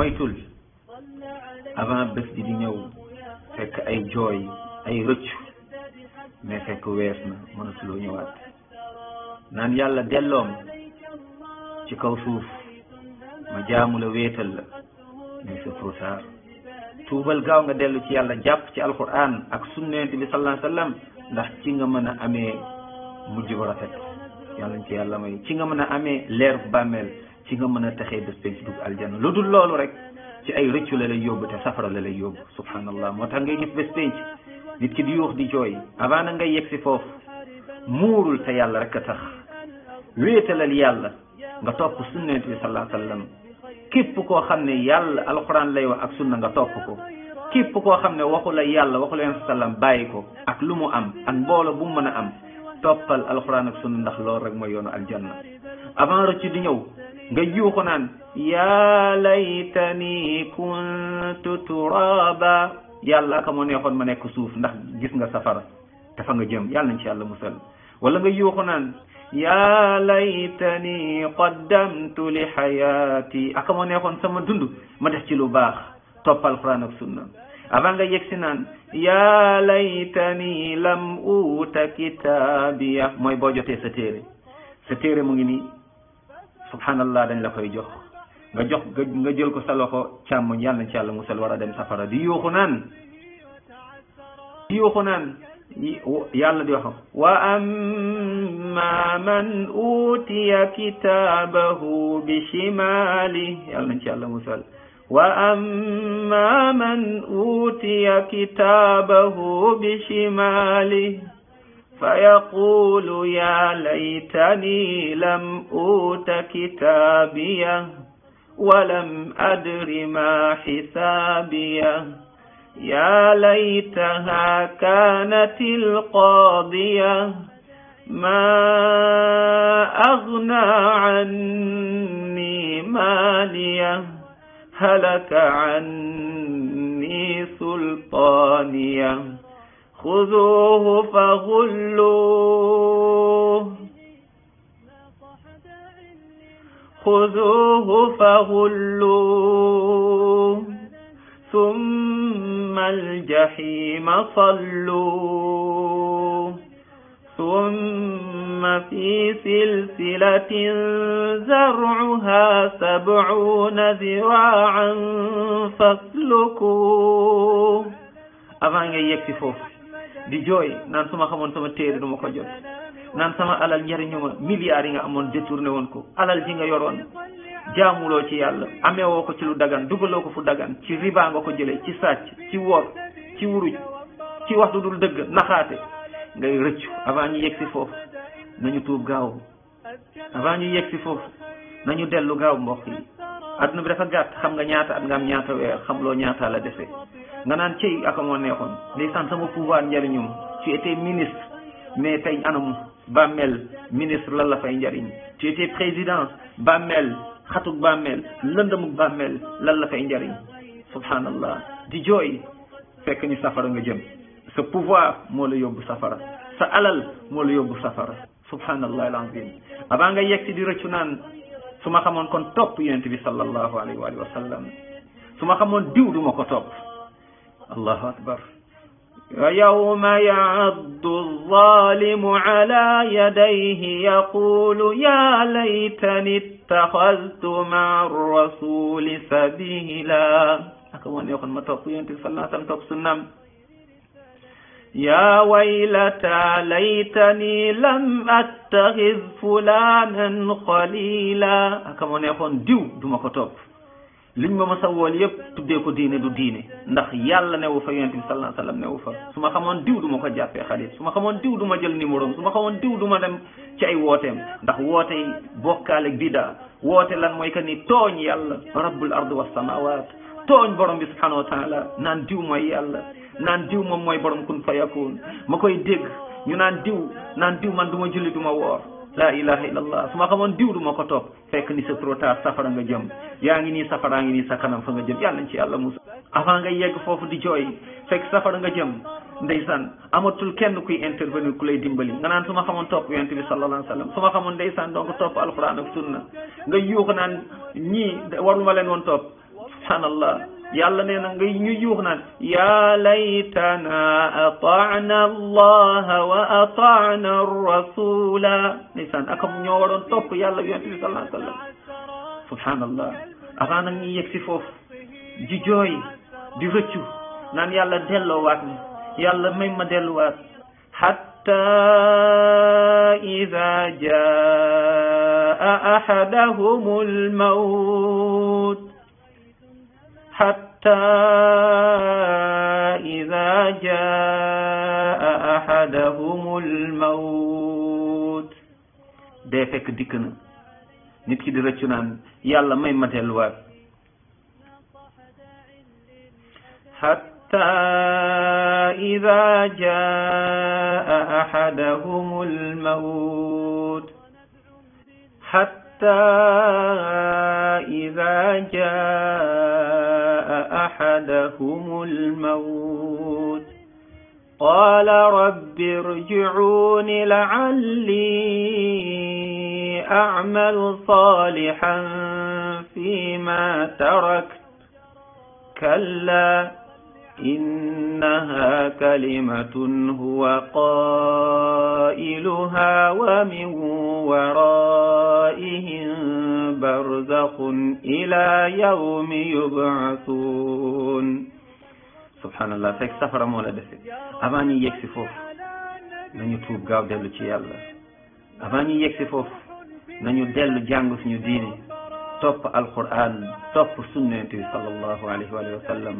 moytul avant bés bi di ñëw fekk ay jooy ay rëccu mais fekk wees na mënatuloo ñëwaat naan yàlla delloom ci kaw suuf ma jaamu la wéetal la mais c'est trop tard tuubal gaaw nga dellu ci yàlla jàpp ci alquran ak sunnent bi sallallahu alayhi ndax ci nga mën a amee mujj bu rafet yàlla nañ ci yàlla may ci nga mën a amee leer bàmmeel ci nga mën a texee bés du dugg aljanna lu dul loolu rek ci ay rëccu la lay yóbbu te safara la lay yóbbu subhanallah moo tax ngay gis bés penc nit ki di yuux di jooy avant na nga yegg si foofu muurul te yàlla rek a tax wéetalal yàlla nga topp sunnat bi salaa sallam képp koo xam ne yàlla alquran lay wax ak sunna nga topp ko képp koo xam ne waxu la yàlla waxu la yonent sallam bàyyi ko ak lu mu am ak mbooloo bu mu mën a am toppal alquran ak sunna ndax loolu rek mooy yoonu aljanna avant nga yuuxu naan yaa laytani kuntu turaba yàlla ka moo ma nekk suuf ndax gis nga safara dafa nga jëm yàlla nañ ci yàlla musal wala nga yuuxu naan yaa laytani qaddamtu li xayaati aka moo sama dund ma def ci lu baax topp alquran ak sunna avant nga yegsi naan yaa laytani lam uuta kitaabiya mooy boo jotee sa téere sa téere mu ngi nii subhanallah dañ la koy jox nga jox nga jël ko sa loxo càmmoñ yàlla na ci yàlla musal war a dem safara di yuuxu naan di yuuxu naan yàlla di wax wa amma man utiya kitaabahu bi shimaali yàlla nañ ci yàlla musal وأما من أوتي كتابه بشماله فيقول يا ليتني لم أوت كتابيه ولم أدر ما حسابيه يا ليتها كانت القاضية ما أغنى عني ماليه هلك عني سلطانيه خذوه فغلوه خذوه فغلوه ثم الجحيم صلوه ثم في سلسلة زرعها سبعون ذراعا فاسلكوه أفان يكفي فوق di jooy naan su ma xamoon sama téere du ma ko jot naan sama alal njariñu ma milliards yi nga amoon détourné woon ko alal ji nga yoroon jaamuloo ci yàlla ameewoo ko ci lu dagan dugaloo ko fu dagan ci riba nga ko jëlee ci sàcc ci wor ci wuruj ci wax du dul dëgg naxaate ngay rëccu avant ñu yegg si foofu nañu tuub gaaw avant ñu yegg foofu nañu dellu gaaw mbokk yi adduna bi dafa gàtt xam nga ñaata at nga am ñaata weer xam loo ñaata la dese nga naan cëy ak moo neexoon ndeysaan sama pouvoir njariñum tu étais ministre mais tey anam bàmmeel ministre lan la fay njariñ tu étais président bàmmeel xatuk bàmmeel lëndamuk bàmmeel lan la fay njariñ subhanallah di jooy fekk ni safara nga jëm sa pouvoir moo la yóbbu safara sa alal moo la yóbbu safara subhanallah alazim avant nga yegg di rëccu naan su ma xamoon kon topp yonent bi sallallahu alayhi wa sallam su ma xamoon diw du ma ko topp allahu akbar ويوم يعض الظالم على يديه يقول يا ليتني اتخذت مع الرسول سبيلا أكوان يخن ما تطيون تلك صلى الله عليه وسلم يا ويلتى ليتني لم أتخذ فلانا خليلا akam moo neexoon diw duma ko topp liñ ma ma sawool yépp tuddee diine du diine ndax yàlla newu fa yonent bi sallam newu fa su ma xamoon diw duma ko jàppee xarit su ma xamoon diw du ma jël numéro su ma xamoon diw duma ma dem ci ay wooteem ndax woote yi bokkaale bida woote lan mooy que ni tooñ yàlla rabbul ard wa samawat tooñ borom bi subhanahu wa naan diw mooy yàlla naan diw moom mooy borom kun fayakun ma koy dégg ñu naan diw naan diw man du ma julli du ma woor la ilaha illallah su ma xamoon diw du ma ko toog fekk ni sa trop tard safara nga jëm yaa ngi nii safaraa ngi nii sa kanam fa nga jëm yàlla ci yàlla musa avant nga yegg foofu di jooy fekk safara nga jëm ndeysaan amatul kenn kuy intervenir ku lay dimbali nga naan su ma xamoon topp yonent bi sallallahu alayhi wa sallam su ma xamoon ndeysaan donc topp alquran ak sunna nga yuux naan waruma leen woon topp subhanallah يلا نغيوخنا يا ليتنا اطعنا الله واطعنا الرسول نسان اكم نيوورون توب يلا يونتي صلى الله عليه وسلم سبحان الله افانا ني يكسي فوف دي جوي دي رتشو نان يلا ديلو وات يلا ميم ما وات حتى اذا جاء احدهم الموت حتى إذا جاء أحدهم الموت دافك ديكن نيت كي ديرتو نان يالا ماي ماتيل حتى إذا جاء أحدهم الموت حتى حتى إذا جاء أحدهم الموت قال رب ارجعون لعلي أعمل صالحا فيما تركت كلا إنها كلمة هو قائلها ومن ورائهم برزخ إلى يوم يبعثون سبحان الله فيك سفر مولا دسك أباني يكسي فوف نانيو توب غاو دلو تي يالا أباني يكسي فوف نانيو دلو جانغو سنيو ديني توب القرآن توب سنة صلى الله عليه وآله وسلم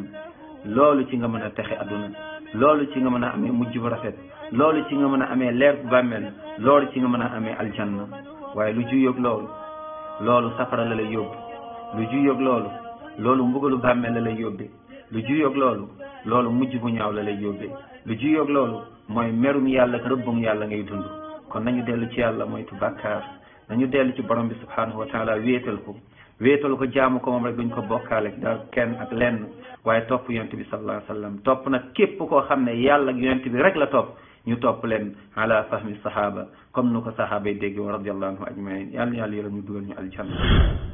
loolu ci nga mën a texe àdduna loolu ci nga mën a amee mujj bu rafet loolu ci nga mën a amee leer bu bàmmeel loolu ci nga mën a amee aljanna waaye lu juyoog loolu loolu safara la lay yóbbu lu juyoog loolu loolu mbugalu bàmmeel la lay yóbbee lu juyoog loolu loolu mujj bu ñaaw la lay yóbbee lu juyoog loolu mooy merum yàlla ak rëbbum yàlla ngay dund kon nañu dellu ci yàlla mooy tu bàkkaar nañu dellu ci borom bi subhanahu wa taala wéetal ko wéetal ko jaamu ko moom rek duñ ko bokkaale da kenn ak lenn waaye topp yonent bi sallallahu alayhi wa topp na képp koo xam ne yàlla ak yonent bi rek la topp ñu topp leen ala fahmi sahaba comme nu ko sahaaba yi dégg wa radiallahu anhu ajmain yàlla yàlla yërëm ñu dugal ñu aljanna